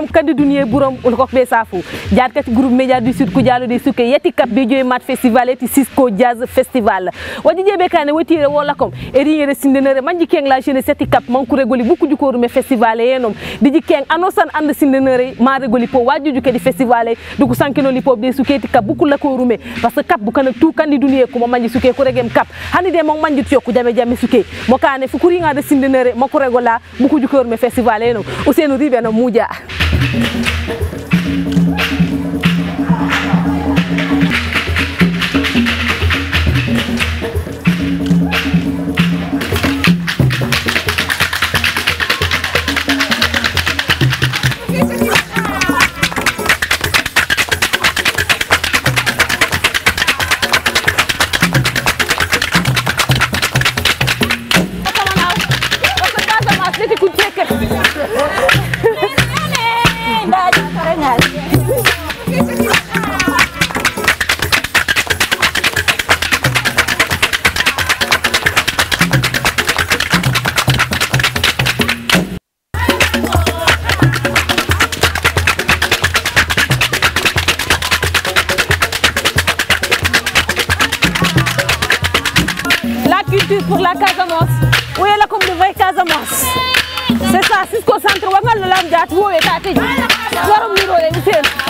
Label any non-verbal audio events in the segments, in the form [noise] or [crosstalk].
mbiɗom dunie duniye ɓuurom holkok ɓe safo jaat kati groupe média du sud ko jaalude suke yetti kap ɓe joy mat festival eti sisco jazz festival waɗi ƴeeɓe kane wotire wola kom e riñere sindenere majji keng la jeune setti cap mankuregoli bukkuju korume festival e yenom diji keng anosan anda sindenere maregoli po wajuju kadi festival e duko sankinoli po ɓe la cap bukkulla korume par ce que cap bukana tout kandi duniye komo manji suke ko regem cap hani de mo manji tiyokku jame jame suke mo kane fukuriŋade sindenere makkuregola bukkuju korume festival e yenom usenu riɓe no muuja Thank you. por la casa mos wela kom de vai casa mos c'est ça si concentre wa ngal la dat wo eta ti warum ni ro de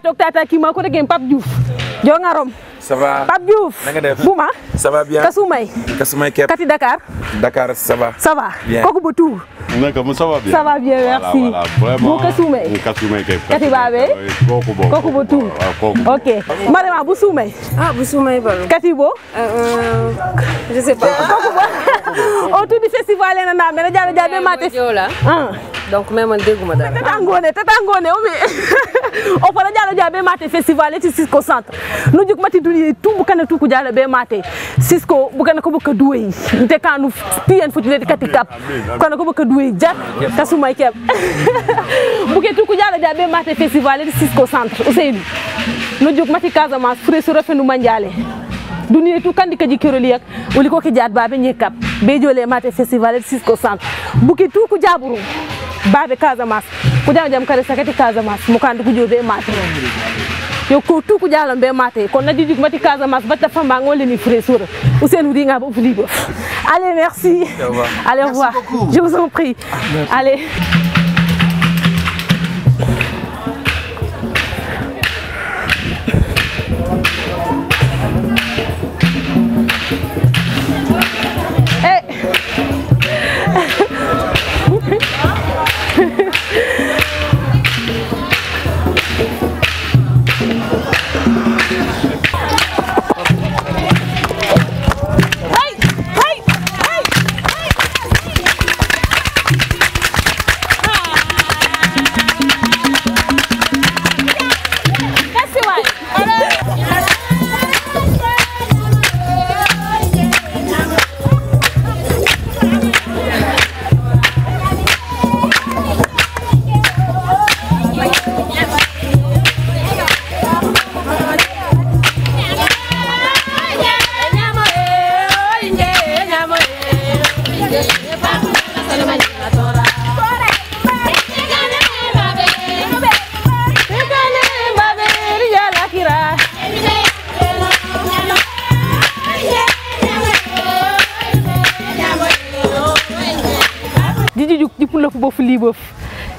toog tata kii maa ko déggee Pape Diouf jongarom ça va Pape Diouf na nga def Bouma ça va bien Kasumay Kasumay Kep Kati Dakar Dakar ça va ça va bien kooku ba tuur naka mu ça va bien ça va bien merci voilà vraiment bu Kasumay Kasumay Kep Kati Baabe kooku bo kooku ba tuur ok Marema bu Sumay ah bu Sumay ba Kati bo euh, je sais pas [laughs] kooku ba autour du festival ena naam mena jaara jaabe mate donc même man dégguma dara. Tata Ngoné Tata Ngoné o mi o fota jalo mate festival eti Cisco centre no jog mati duni tu bukana tu ku jalo be mate Cisco bukana ko buka duwe nte kanu ko buka duwe jat kasumay kep [laughs] buke tu ku jalo be mate festival eti Cisco centre Ousseynou no jog mati Casamance fure so refenu manjale duniya tu kandi kaji keroli yak woli ko ke be jole mate festival eti Cisco centre buke tu ku jaburu baaɓe casamance ko jaam jaam kadi sakati casamance mo kandi ko joobi e mate yo ko tout ko jalam ɓe mate kono nadi ɗik mati casamance batta famba ngoleni fré sora ousseyne wuringa ɓof liɓof allez merci allez au revoir je vous en prie ah, allez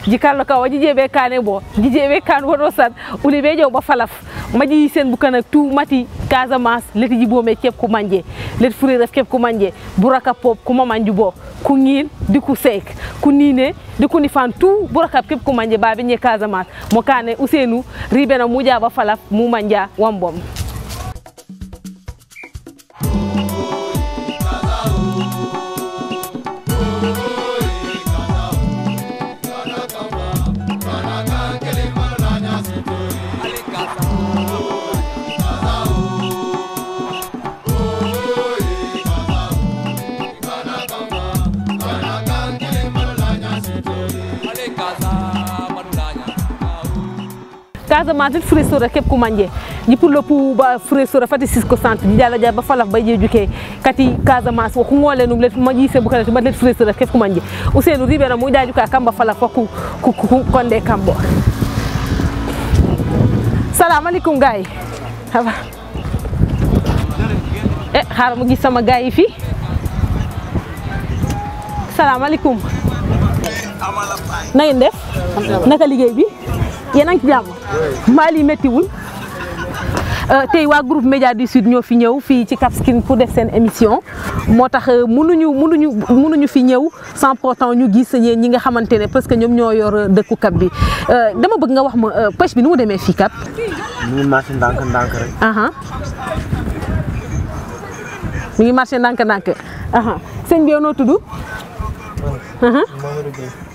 jikallo ka waɗi je ɓe kane ɓo jije ɓe kan wono sat uli ɓe ƴew ɓa falaf maƴi sen bukana tout mati casamance letiji bome keeb ko manje let furi ref keeb ko manje buraka pop ko mamanju bo ko guin diko seyk ko nine diko ni fan tout buraka keeb ko manje baɓe ñe casamance mo kane ousseynou riɓena muƴaɓa wambom Casamance Furé-Sora kep kumanje nyipullo puuba Furé-Sora fati sisko centre jijala jaba falaf bayje juke kati Casamance wo kungole num let maji se bukala to batlet Furé-Sora kep kumanje usenu ribera mu daju ka kamba falaf ko ku konde kambo salam alaikum gaay haba eh mu gis sama gaay fi salaamaaleykum eh, na ngeen def naka liggéey bi yéen a ngi ci jàmm Mali méttiwul euh, tey waa groupe Média di Sud ñoo fi ñëw fii ci Cap Skirring pour def seen émission moo tax euh, mënuñu mënuñu mënuñu fi ñëw sans pourtant ñu gis yéen ñi nga xamante ne parce que ñoom ñoo yor euh, dëkku Cap bi dama bëgg nga wax ma pêche bi nu mu demee fii Cap. mu ngi marché ndànk ndànk rek. mu ngi marché ndànk ndànk sëñ bi yow noo tudd.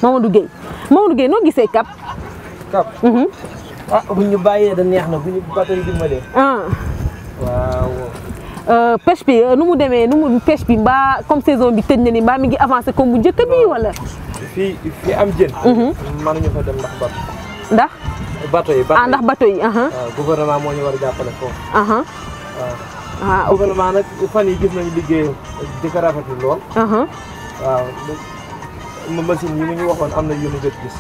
Mamadou Guèye noo gisee Cap. cap. Mhm. ah bu ñu bàyyee da neex na bu ñu batay dimbalee. Ah. waaw. Euh, pêche bi euh, nu mu demee nu mu pêche bi mbaa comme saison bi tëj na ni mbaa mi ngi avancé comme bu njëkk bi wala. fii fii am jën. Mhm. mënuñu fa dem ndax bat. ndax. bato yi bato ah, yi ah ndax bato yi. moo ñu war a jàppale foofu. waaw. ah gouvernement nag fan yi gis nañu liggéey di ko rafetlu lool. waaw machine yi mu ñu waxoon am na yu ñu gëj gis.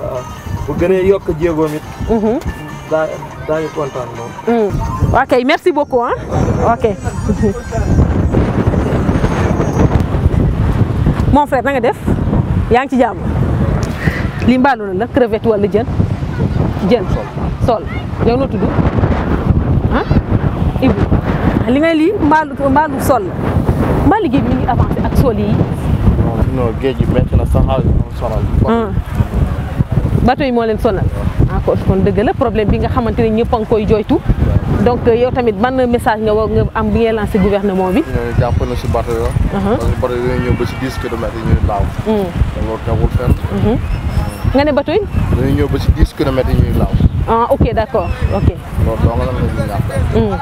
waaw bu gënee yokk jéegoom mhm. it. daa daañu mm. merci beaucoup ah. ok. [laughs] mon frère na def yaa ngi ci jàmm li mbaalu la la crevette wala jën jën. sol yow noo tudd ah Ibou li ngay lii mbaalu sol la mbaalu mi ngi avancé ak sol yi. bateau yi moo leen sonal ah, dëgg la problème bi nga xamante ne ñëpp a koy jooytu donc euh, yow tamit ban message nga war am bi ngay lancé gouvernement bi. ñooñu euh, jàpp si bateau yo uh-huh. parce que bateau yooyu ñëw ba si 10 kilomètres yi ñuy laaw. Mm. Mm-hmm. nga ne bateau yi. dañuy ñëw ba si 10 kilomètres ñuy laaw. Ah, ok d' ok. Mm.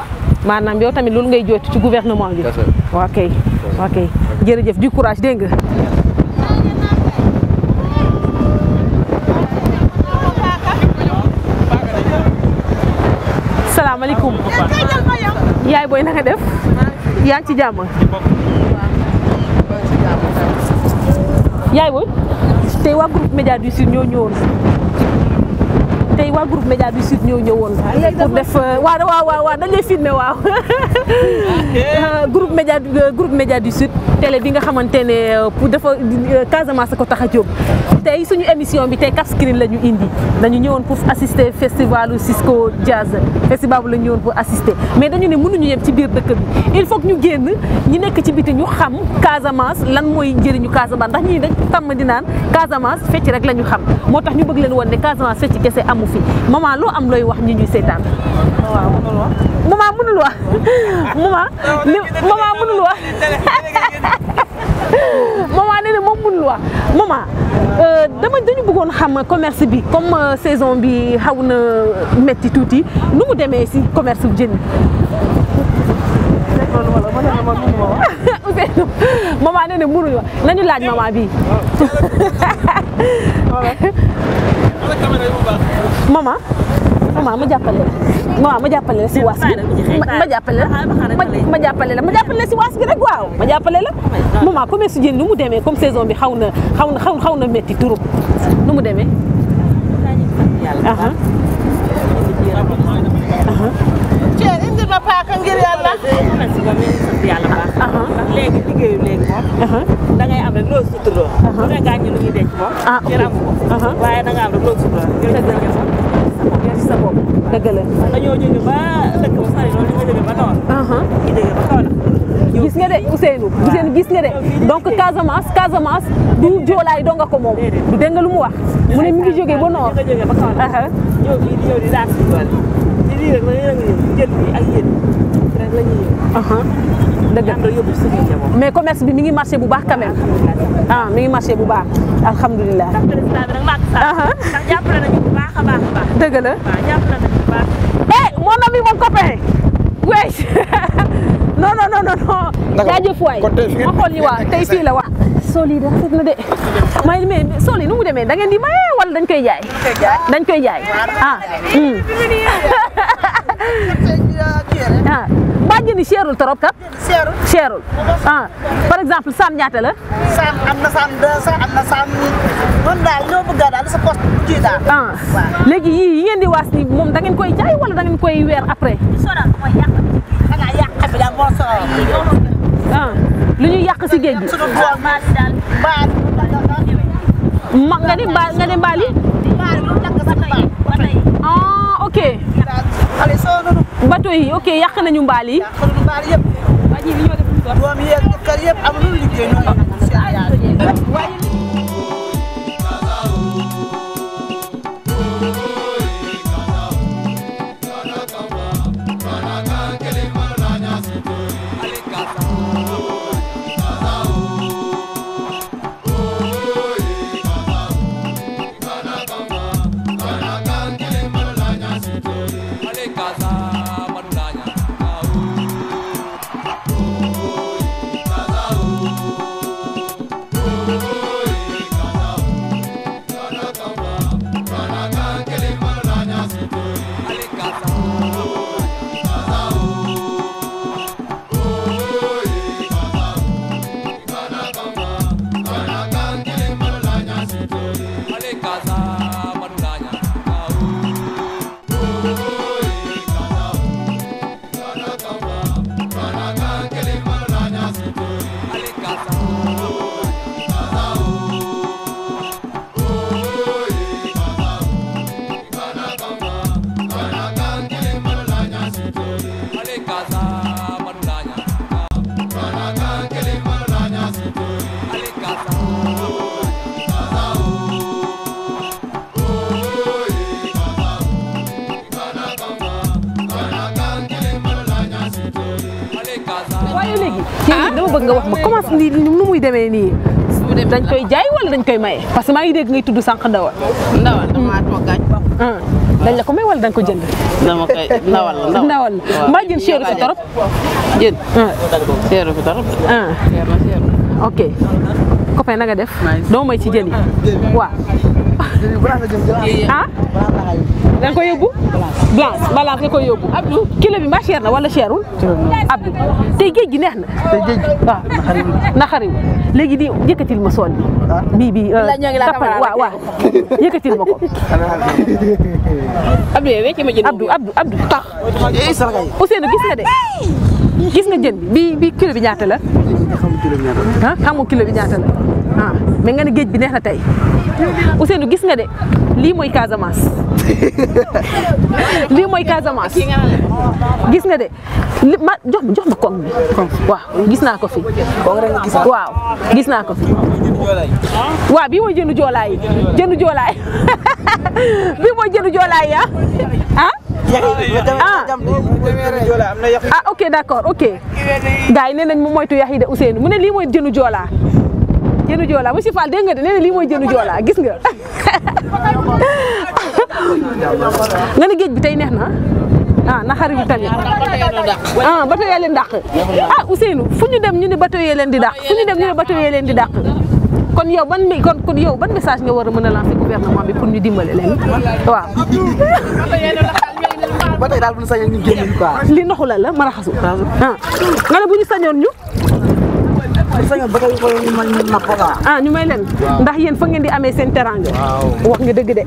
maanaam yow tamit loolu ngay jooytu ci gouvernement bi. ok ok jërëjëf du courage dégg nga yaay booy naka def. yaa ci jàmm. yaay booy tey waa groupe Média du Sud ñoo ñëwoon tey waa groupe Média du Sud ñoo ñëwoon. pour def waaw waaw waaw dañ lay waaw. [laughs] groupe Média groupe Média du Sud télé bi nga xamante ne euh, pour dafa Casamance ko tax a jóg. tey suñu émission bi tey Kaffrine la ñu indi dañu ñëwoon pour assister festivalu Cisco Jazz festival bu la ñu ñëwoon pour assister mais dañu ne mënuñu yem ci biir dëkk bi il faut ñu génn ñi nekk ci biti ñu xam Casamance lan mooy njëriñu Casamance ndax ñii dañ tàmm di naan Casamance fecc rek la ñu xam moo tax ñu bëgg leen woon ne Casamance fecc gese amu fi maman loo am looy wax ñi ñuy seetaan. waaw mënul wax. maman mënul wax. [laughs] [laughs] maman nee na moom mënul wax maman euh, dama dañu bëggoon xam commerce bi comme euh, saison bi xaw na métti tuuti nu mu demee si commerce bu jën [laughs] maman nee na mënuñ wax nañu laaj maman bi [laughs] maman maman ma jàppale la maman ma jàppale la si waas bi ma jàppale la ma jàppale la ma jàppale la si waas bi rek waaw ma jàppale la oh maman commerce jën nu mu demee comme saison bi xaw na xaw na xaw na métti trop nu mu demee da ngay ci sa bopp. dëgg la man dañoo jóge gis nga de Ousseynou. Ousseynou gis nga de donc Casamance Casamance du joolaay doo nga ko moom. du dégg nga lu mu mu ne mi ngi jóge ba noor. ñoo bi ak yéen rek la ñuy yëngu. mais commerce bi mi ngi marché bu baax quand même. Ah, mi ngi marché bu baax alhamdulilah. a baax a dëgg la waaw jàpp na bu baax. eh mon ami mon copain. wees [laughs] non non non ma xool yi waaw [laughs] tey fii la waaw. sol yi rafet na de may mais sol nu mu demee da di maye wala dañ koy jaay. dañ koy jaay ah. Ah, ni cherul torop kat cherul cherul ah par exemple sam nyata la sam amna sam 200 amna sam non dal ñoo bëgg dal sa poste bu ci dal ah légui yi yi ngeen di was ni mom da ngeen koy jaay wala da ngeen koy wër après sonal moy yaq xana yaq bi da mo so ah lu ñu yaq ci geej bi ma nga ni ba nga ni bali bali lu tak sa ah ok. xale sonn na. yàq nañu mbaal bëgg nga wax ma comment ni demee nii. dañ koy jaay wala dañ koy maye. parce que maa ngi dégg ngay tudd sànq ndawal. ndawal damaa ah, ko may wala dañ ko jënd. dama koy ndawal la ndawal la mbaa jën seeru fi torop. jën. Ah. seeru fi torop. Ah. ok copain na nga def. doo ci jën yi ah. [laughs] da ko koy yóbbu. blanche blanche nga koy yóbbu. Abdou bi mbaa cher na wala cherul. Abdou tey géej gi neex na. tey géej gi waaw naxariw léegi di yëkkatil ma sool bi. Ah. bii bii euh, tapal waaw waaw yëkkatil ma ko. Abdou yow wecc ma jënd. gis nga de. gis nga jën bi bi kilo bi ñaata la. ah kilo bi ñaata la ah nga ne géej bi neex na tey Ousseynou gis nga de lii mooy Casamance [laughs] lii mooy Casamance gis nga de li ma jox jox ma koŋ bi. waaw gis naa ko fi. waaw gis naa ko fi. waaw bii mooy jënu joolaay jënu joolaay [laughs] bii mooy jënu joolaay ah. ah ok d'accord ok gars yi nee nañ mu moytu mune limo mu ne lii mooy jola joolaa jënu joolaa monsieur Fall dégg nga de nee na lii mooy gis nga [laughs] nga ne bi na ah, ah naxar bi tamit ah bato yee dak ah Ousseynou fu dem ñu batu bato yee di dak fu dem ñu batu bato di dak kon yow ban kon kon yow ban message nga war a mën a lancer gouvernement bi pour ñu dimbale waaw [laughs] ba tey daal bu ñu sañoon li ndoxu la ma raxasu. ah nga ne bu ñu sañoon ñu. ah ñu may leen ndax yéen fa ngeen di amee seen teranga wax nga dëgg de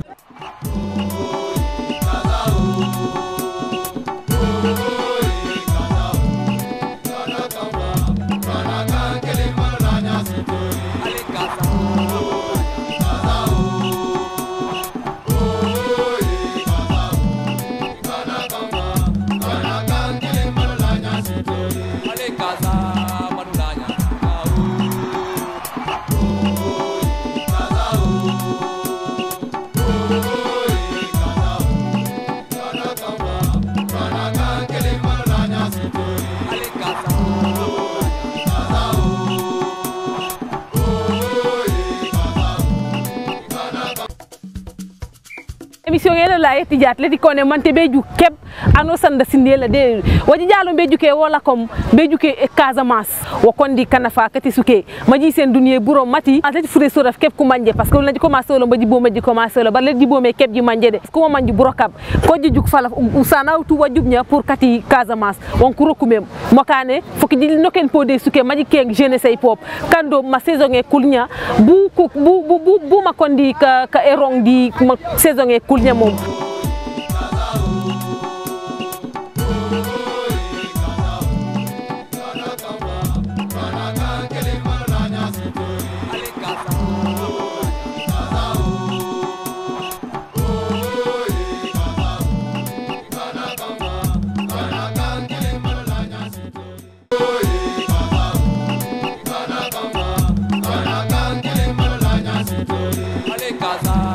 ɓisoŋela la yetti jat leti kone mante ɓe a keɓ ano sanda sindela de waji jalo ɓe juke wola kom ɓe juke casamance wokonndi kanafa kati suke maji sen duniye ɓuuro mati atlati fuude sodof keɓ kumanje par ce que wonlaji commencé olo mbaji bomeji commencé olo mbaɗa leɗɗi bome keɓji manje de komo manji ɓuuro kam kojji juk fala usana tu wajjubña pour kati casamance wonko rokku mem mokane foki jiɗi noken pode suke maji keng jeunesse e pop kando ma saison e kulña bu bu bu bu makonndi ka e saison e kulña mum Gaza.